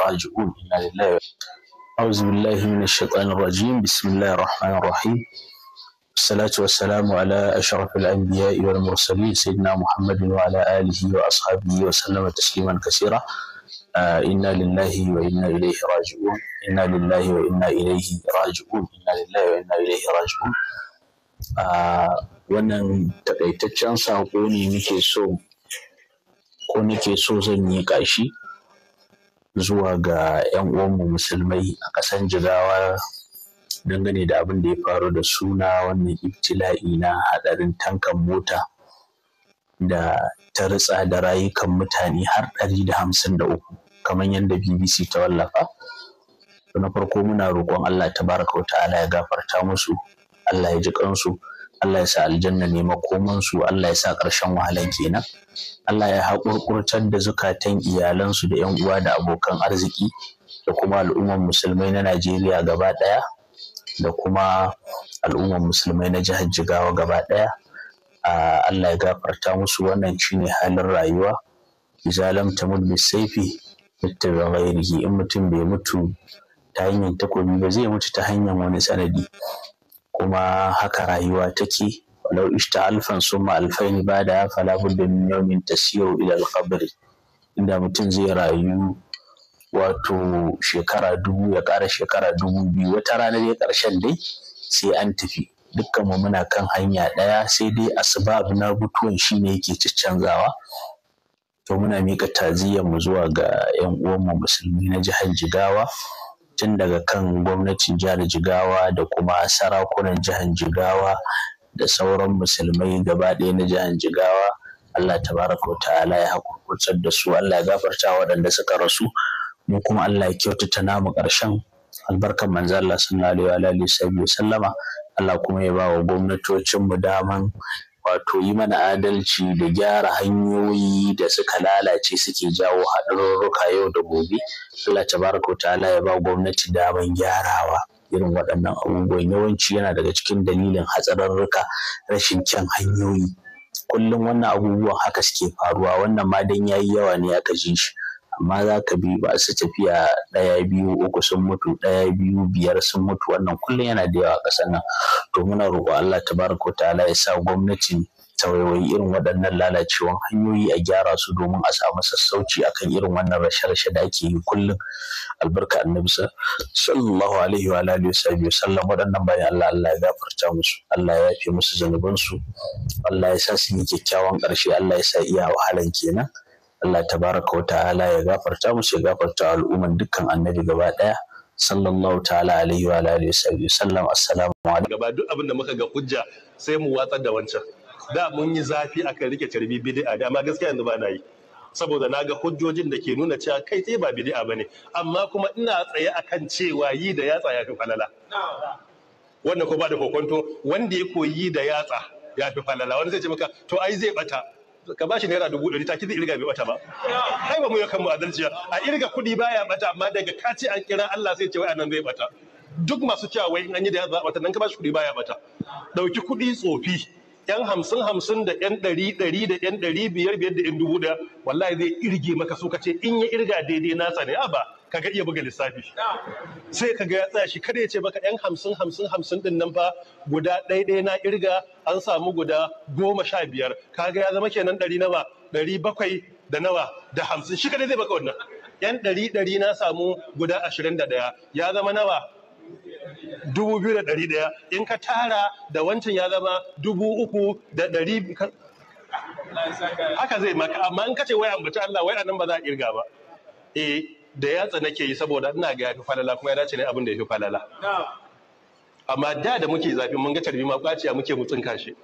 راجعون إنا لله أعوذ بالله من الشيطان الرجيم بسم الله الرحمن الرحيم الصلاة والسلام على أشرف الأنبياء والمرسلين سيدنا محمد وعلى آله وأصحابه وسلم تسليما كثيرا آه إنا لله وإنا إليه راجعون إنا لله وإنا إليه راجعون إنا لله وإنا إليه راجعون آه wannan takaitaccen saƙo ne muke so ko nake so zan yi ƙashi zuwa ga 'yan uwanmu musulmai a ƙasan jigawa dangane da abin da ya faru da suna wannan ibtila'i na haɗarin tankan mota da ta ritsa da rayukan mutane har ɗari da hamsin da uku kamar yadda bbc ta wallafa na farko muna roƙon allah Ta baraka wata ta'ala ya gafarta musu allah ya ji kansu Allah ya sa aljanna ne makomansu Allah ya sa ƙarshen wahalan kenan Allah ya haƙurƙurtar da zukatan iyalansu da 'yan uwa da abokan arziki da kuma al'ummar musulmai na Najeriya gaba ɗaya da kuma al'ummar musulmai na jihar Jigawa gaba ɗaya Allah ya gafarta musu wannan shine halin rayuwa izalam tamud saifi. muttaba ghairihi in mutum bai mutu ta hanyar takobi ba zai mutu ta hanyar wani sanadi kuma haka rayuwa take walau ishta alfan summa alfain ba da fala budda min yawmin tasiru ila alqabr inda mutum zai rayu wato shekara dubu ya ƙara shekara dubu biyu wata rana ya ƙarshen dai sai an tafi dukkan mu muna kan hanya ɗaya sai dai asbab na mutuwan shine ne yake ciccanzawa to muna miƙa taziyyar mu zuwa ga 'yan uwanmu musulmi na jihar jigawa tun daga kan gwamnatin jihar jigawa da kuma sarakunan jihar jigawa da sauran musulmai gaba ɗaya na jihar jigawa allah tabaraka ta'ala ya hakurkutar da su allah ya gafarta waɗanda suka rasu mu kuma allah ya kyautata namu ƙarshen albarkan manzo Allah sallallahu alaihi wa alihi sallama Allah kuma ya ba wa gwamnatocinmu daman wato yi mana adalci da gyara hanyoyi da suka lalace suke jawo haɗarurruka yau da gobe Allah tabaraka ta'ala ya ba gwamnati daman gyarawa irin waɗannan abubuwan yawanci yana daga cikin dalilin hatsararruka rashin kyan hanyoyi kullum wannan abubuwan haka suke faruwa wannan ma dan yayi yawa ne aka ji shi amma za ka bi ba su tafiya ɗaya biyu uku sun mutu ɗaya biyu biyar sun mutu wannan kullum yana da yawa a ƙasar nan to muna roƙo Allah tabaraka ta'ala ya sa gwamnati ta wayoyi irin waɗannan lalacewan hanyoyi a gyara su domin a samu sassauci akan irin wannan rashe-rashe da ake yi kullum albarka annabi sallallahu alaihi wa alihi wasallam sallam waɗannan bayan Allah Allah ya gafarta musu Allah ya yafe musu zanubansu Allah ya sa su yi kyakkyawan ƙarshe Allah ya sa iya wahalan kenan Allah tabaraka wa ta'ala ya gafarta mu ya gafarta al'umman dukkan annabi gaba daya sallallahu ta'ala alaihi wa alihi wa sallam assalamu alaikum gaba duk abin da muka ga hujja sai mu watsar da wancan da mun yi zafi akan rike carbi bid'a da amma gaskiya yanzu ba na yi saboda na ga hujjojin da ke nuna cewa kai sai ba bid'a bane amma kuma ina tsaye akan cewa yi da yatsa ya fi falala wannan ko ba da kokonto wanda ya koyi da yatsa ya fi falala wani zai ce maka to ai zai bata ka bashi naira dubu ɗari ta kiɗi irga bai bata ba kai ba mu yakan mu adalci a irga kuɗi baya bata amma daga ka ce an kira Allah sai ce wai anan zai bata duk masu cewa wai in an yi da za bata nan ka bashi kuɗi baya bata Ɗauki kuɗi tsofi yan hamsin hamsin da yan ɗari ɗari da yan ɗari biyar biyar da yan dubu ɗaya wallahi zai irge maka so ka ce in ya irga daidai nasa ne a ba kaga iya buga lissafi sai kaga ya tsaya shi kada ya ce baka yan hamsin hamsin hamsin din nan fa guda ɗaya ɗaya na irga an samu guda goma sha biyar kaga ya zama kenan ɗari nawa ɗari bakwai da nawa da hamsin shi kada zai baka wannan yan ɗari ɗari na samu guda ashirin da ɗaya ya zama nawa dubu biyu da ɗari ɗaya in ka tara da wancan ya zama dubu uku da ɗari haka zai maka amma in ka ce wai ambaci Allah wai anan ba za a kirga ba eh da yatsa nake yi saboda ina ga yafi falala kuma ya dace ne abin da yafi falala amma da da muke zafi mun ga carbi ma a muke mutsin kashi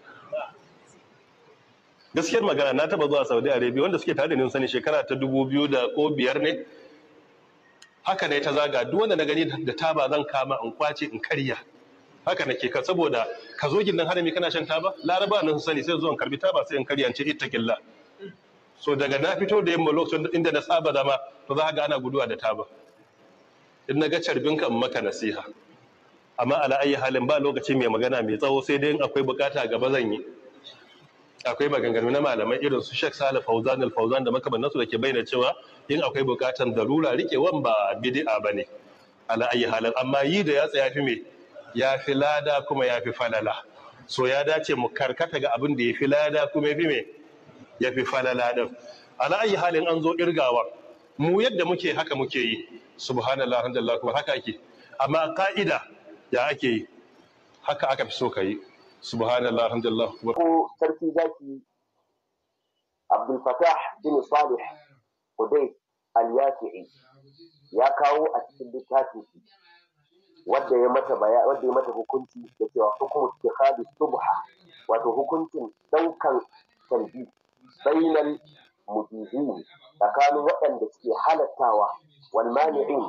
gaskiyar magana na taba zuwa Saudi Arabia wanda suke tare da ni sani shekara ta dubu biyu da ko biyar ne haka ne ta zaga duk wanda na gani da taba zan kama in kwace in karya haka nake ka saboda ka zo gindin harami kana shan taba laraba nan sani sai zuwan karbi taba sai in karya in ce ittaqillah so daga na fito da yamma lokacin inda na saba zama to za ka ga ana guduwa da taba in na ga carbin kan maka nasiha amma ala ayi halin ba lokaci mai magana mai tsawo sai dai akwai bukata gaba zan yi akwai maganganu na malamai irin su Sheikh Salih Fauzan al-Fauzan da makamantansu da ke bayyana cewa in akwai bukatan darura rikewan ba bid'a bane ala ayi halin amma yi da ya tsaya fi me ya fi lada kuma ya fi falala so ya dace mu karkata ga abin da ya fi lada kuma ya fi me ya fi falala din ala ayi halin an zo irgawa mu yadda muke haka muke yi subhanallah alhamdulillah kuma haka ake amma ka'ida ya ake yi haka aka fi so ka yi subhanallah alhamdulillah ko sarki zaki abdul fatah bin salih hudayt al-yasi'i ya kawo a cikin littafin wadda ya mata baya wadda ya mata hukunci da cewa hukumu ittikhadi subha wato hukuncin daukan tarbi bainal mubihin tsakanin waɗanda suke halattawa wal mani'in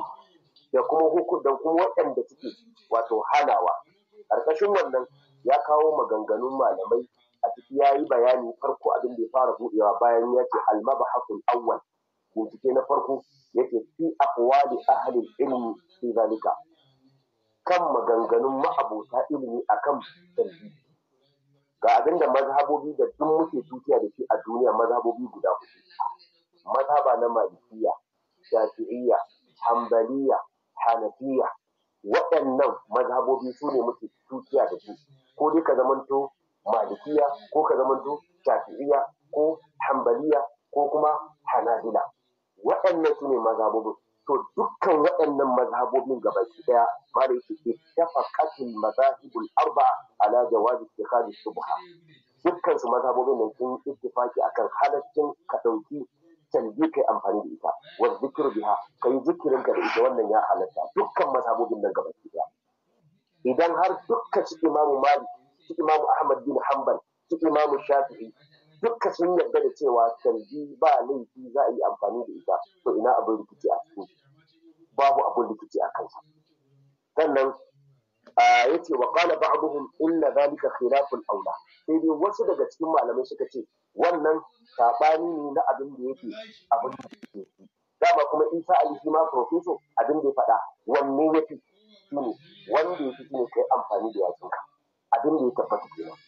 da kuma da kuma waɗanda suke wato hanawa ƙarƙashin wannan ya kawo maganganun malamai a ciki ya yi bayani farko abin da ya fara buɗewa bayan ya ce almabahakul awwal bincike na farko yake fi afwali ahli ilmi fi zalika kan maganganun ma'abota ilimi akan tauhid ga abin da mazhabobi da duk muke tutiya da shi a duniya mazhabobi guda hudu mazhaba na malikiya shafi'iyya hambaliya hanafiya waɗannan mazhabobi su ne muke tutiya da su ko dai ka zamanto malikiya ko ka zamanto shafi'iyya ko hambaliya ko kuma hanadila waɗannan su ne mazhabobin to dukkan waɗannan mazhabobin gabaki daya mara yake ke dafa katin mazahibul arba ala jawazi ittikhadi subha dukkan su mazhabobin nan sun ittifaki akan halaccin ka dauki canji kai amfani da ita wa zikru biha kai zikirin ka da ita wannan ya halatta dukkan mazhabobin nan gabaki daya idan har dukkan su imamu malik su imamu ahmad bin hanbal su imamu shafi'i dukka sun yarda da cewa tarbi ba laifi za a yi amfani da ita to ina abin rikici a cikin babu abin rikici a kansa sannan ya ce wa ba abubuwan inna zalika khilaful aula sai dai wasu daga cikin malamai suka ce wannan sabani ne na abin da yake abin da yake dama kuma Isa Ali ma profeso abin da ya faɗa wanne fi shine wanda ya fi shine kai amfani da yakinka abin da ya tabbata kenan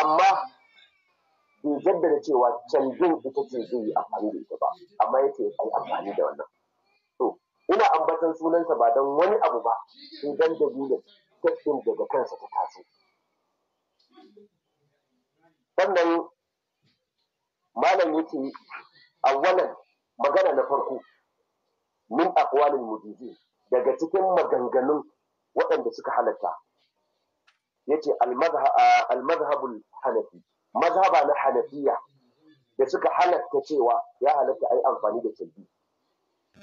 amma bai jaddada cewa canjin ita ce zai yi amfani da ita ba amma yake ya yi amfani da wannan to ina ambatan sunansa ba don wani abu ba sai dan dole tattin daga kansa ta taso sannan malam yake awwalan magana na farko min aqwalil mujizi daga cikin maganganun waɗanda suka halatta yace al-madhhabul hanafi mazhaba na hanafiya da suka halatta cewa ya halatta ai amfani da tilbi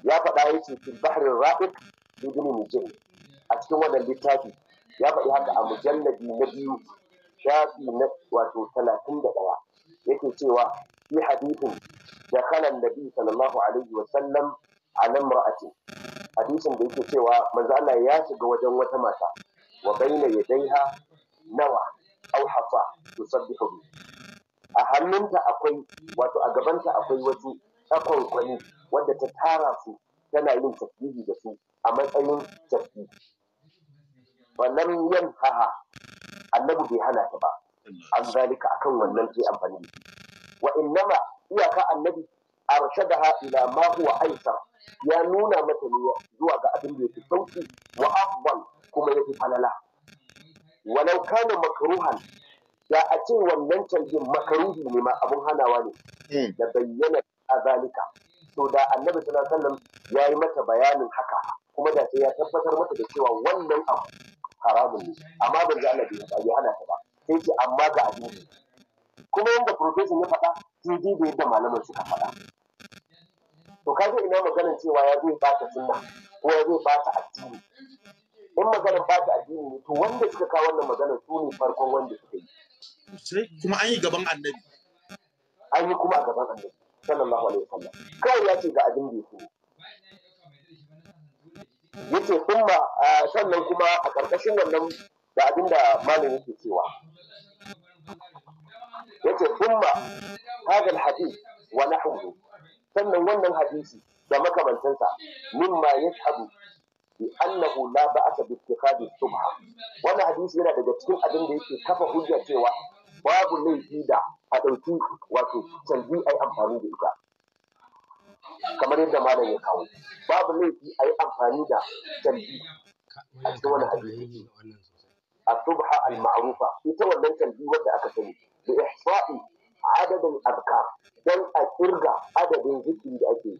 ya faɗa ya ce fil bahrin ra'iq ibn mujahid a cikin wannan littafi ya faɗi haka a mujalladi na biyu shafi na wato talatin da ɗaya yake cewa fi hadithin da kalan nabi sallallahu alaihi wa sallam a nan hadisin da yake cewa manzo Allah ya shiga wajen wata mata wa baina yadaiha nawa au hafa yusabbihu a hannunta akwai wato a gabanta akwai wasu kwali wadda ta tara su tana yin tasbihi da su a matsayin tasbihi wannan yan haha annabi bai hana ta ba an zalika akan wannan sai amfani wa innama iyaka annabi arshadaha ila ma huwa aisar ya nuna mata ne zuwa ga abin da yake sauki wa afdal kuma yake falala walau kana makruhan da a ce wannan canjin makaruhi ne ma abun hanawa ne hmm. da bayyana a zalika to da annabi sallallahu alaihi wasallam ya yi mata bayanin haka kuma da sai ya tabbatar mata da cewa wannan abu haramun ne amma ban ji Allah yi hana ta ba sai ce amma ga addini kuma wanda profesor ya faɗa jiji da yadda malaman suka faɗa to ka ina maganar cewa ya zai bata sunna ko ya zai bata addini in maganar bata addini ne to wanda suka kawo wannan maganar su ne farkon wanda suka yi kuma an yi gaban annabi an yi kuma a gaban annabi sallallahu alaihi wasallam kawai ya ce ga abin da yake yace kuma sannan kuma a ƙarƙashin wannan da abin da malamin yake cewa yace kuma hadal hadith wa nahwuhu sannan wannan hadisi da makamantansa mimma yashhadu bi annahu la ba'asa bi ittikhadi subha wannan hadisi yana daga cikin abin da yake kafa hujja cewa babu laifi da a ɗauki wato canji ai amfani da ita kamar yadda malam ya kawo babu laifi a yi amfani da canji a cikin wani hadisi a subha al-ma'rufa ita wannan canji wadda aka sani da ihsa'i adadin azkar don a kirga adadin zikiri da ake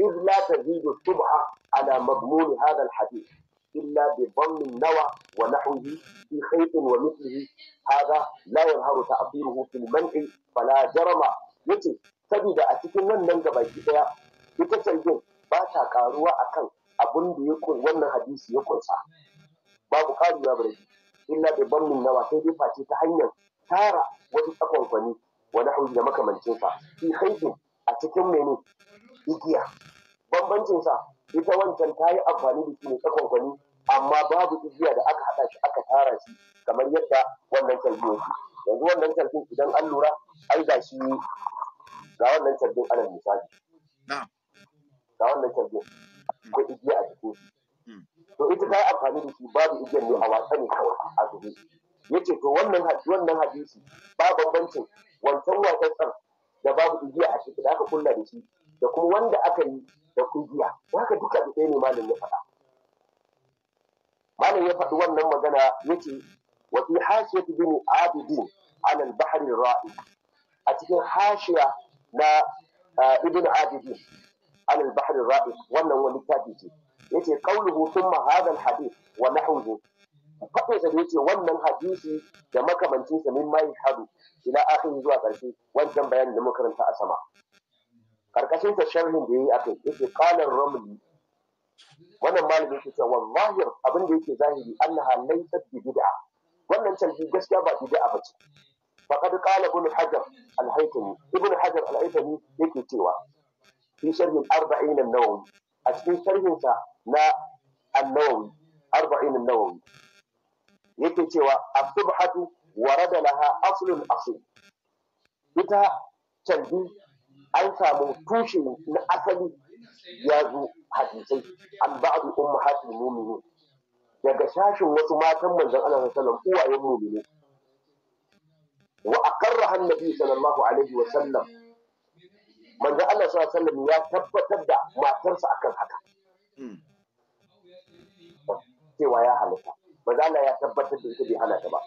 إذ لا تزيد الشبهة على مضمون هذا الحديث إلا بضم النوى ونحوه في خيط ومثله هذا لا يظهر تأثيره في المنع فلا جرم yace saboda a cikin nan nan gaba ki daya ita canjin ba ta karuwa akan abin da ya wannan hadisi ya kunsa babu karuwa ba illa da bannin nawa sai dai face ta hanyar tara wasu tsakonkwani wani hauyi da makamancinsa haifin a cikin mene igiya bambancin sa ita wancan ta yi amfani da shi ne tsakonkwani amma babu igiya da aka haɗa shi aka tara shi kamar yadda wannan calbi yake yanzu wannan calbin idan an lura ai ga shi ga wannan calbin ana misali ga wannan calbin ko igiya a jikin shi hmm. to ita ta yi amfani da shi babu igiya ne a wasa ne kawai a zube ya ce to wannan wannan hadisi ba bambancin wancan watsatsar da babu igiya a cikin da aka kulla da shi da kuma wanda aka yi da kungiya haka duka da ne malam ya faɗa malam ya faɗi wannan magana ce, wa fi hashiyati bin abidin ala al-bahr ra'i a cikin hashiya na eh, ibn abidin ala al-bahr ra'i wannan wani littafi ce yace qauluhu thumma hadha al-hadith wa nahwuhu faɗin sa da yace wannan hadisi da makamancin sa min mai hadu ila akhiri zuwa ƙarshe wancan bayanin da muka karanta a sama karkashin sa sharhin da yayi akai yake qalan ramli wannan malami yake cewa wallahi abin da yake zahiri annaha laysat bi bid'a wannan canji gaskiya ba bid'a bace faqad qala ibn hajar al-haytami ibn hajar al-haytami yake cewa fi sharhin arba'in an-nawawi a cikin sharhin sa na an-nawawi 40 an-nawawi yake cewa as-subhatu warada laha aslun asil ita canji an samu tushe na asali ya zo hadisai an ba ba'adu ummahatul mu'minin daga sashin wasu matan manzon Allah sallallahu alaihi wasallam uwayen mu'mini wa aqarraha annabi sallallahu alaihi wasallam manzon Allah sallallahu alaihi wasallam ya tabbatar da matarsa akan haka hmm. cewa ya halitta manzon Allah ya tabbatar da ita bai hana ta ba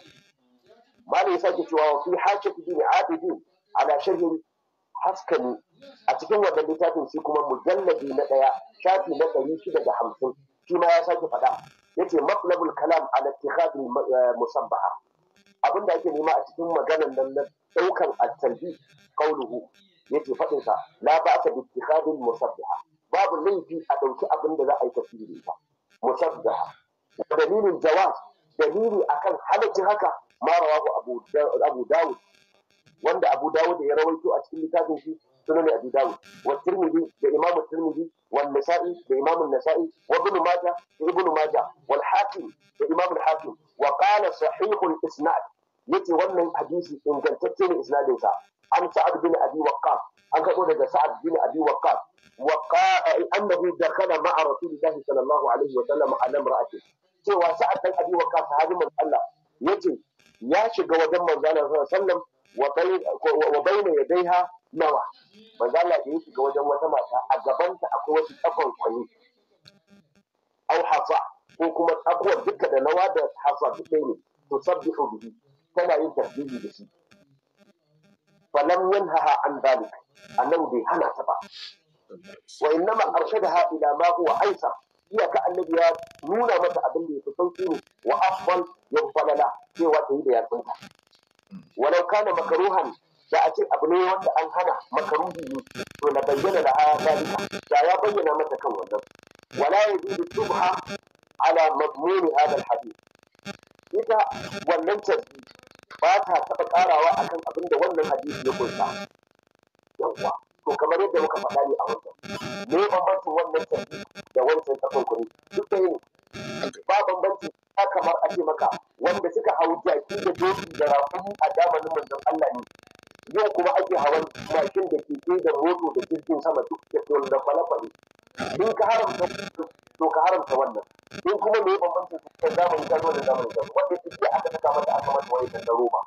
malai ya sake cewa fi hashatu bin abidin ala sharhi Haskani, a cikin wannan littafin shi kuma mujalladi na ɗaya shafi na ɗari shida da hamsin shi ma ya sake faɗa ya ce matlabul kalam ala tikhadul eh, musabbaha abin da ake nema a cikin maganan nan na ɗaukan at-talbi Ya ce faɗin la ba'sa bi tikhadul musabbaha babu laifi a ɗauki abin da za a yi tafsiri ba musabbaha dalilin jawaz dalili akan halaccin haka marawa rawahu abu abu dawud wanda Abu Dawud ya rawaito a cikin littafin shi sunan Abu Dawud wa Tirmidhi da Imam Tirmidhi wa Nasa'i da Imam Nasa'i wa Ibn Majah da Ibn Majah wal Hakim da Imam Hakim wa qala sahihul isnad yace wannan hadisi ingantacce ne isnadin sa an Sa'ad bin Abi Waqqas an karbo daga Sa'ad bin Abi Waqqas وقال انه دخل مع رسول الله صلى الله عليه وسلم على امراته cewa sa'ad dan abi waqas sahabin manzo Allah yace ya shiga wajen manzo Allah sallallahu alaihi wa bayna ha nawa manzo da ya ga wajen wata mata a gabanta akwai wasu tsakon kwani au hasa ko kuma tsakuwar duka da nawa da hasa duka ne to sabbihu bihi tana yin tarbiyyar da shi falam haha an dalik annabi bai hana ta ba wa innama arshadaha ila ma huwa aisa iyaka annabi ya nuna mata abin da yafi sauki ne wa afdal ya falala cewa ta yi da yatsunta walau kana makaruhan da a ce abu ne wanda an hana makaruhi ne to na bayyana da haya zalika da ya bayyana mata kan wannan wala yajidu shubha ala madmuni hada alhadith ita wannan tabi ba ta taɓa ƙarawa akan abin da wannan hadisi ya kunsa yawwa to kamar yadda muka faɗa ne a wancan me bambancin wannan tabi da wancan takwakwari duk da yin ba bambanci hatta kamar a ce maka wanda suka hau jaki da doki da raƙumi a zamanin manzon Allah ne yau kuma ake hawan mashin da ke da roto da jirgin sama duk da tsoron da falafale in ka haramta to ka haramta wannan in kuma me bambanci da zamanin kano da zamanin kano wanda take aka saka mata aka mata wani dan roba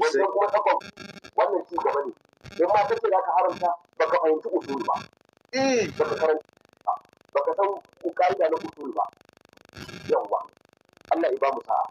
wannan kuma takwas wannan ci gaba ne in ma kace za ka haramta baka fahimci usul ba eh baka karanta baka san ka'ida na usul ba yawa Allah ya ba mu sa'a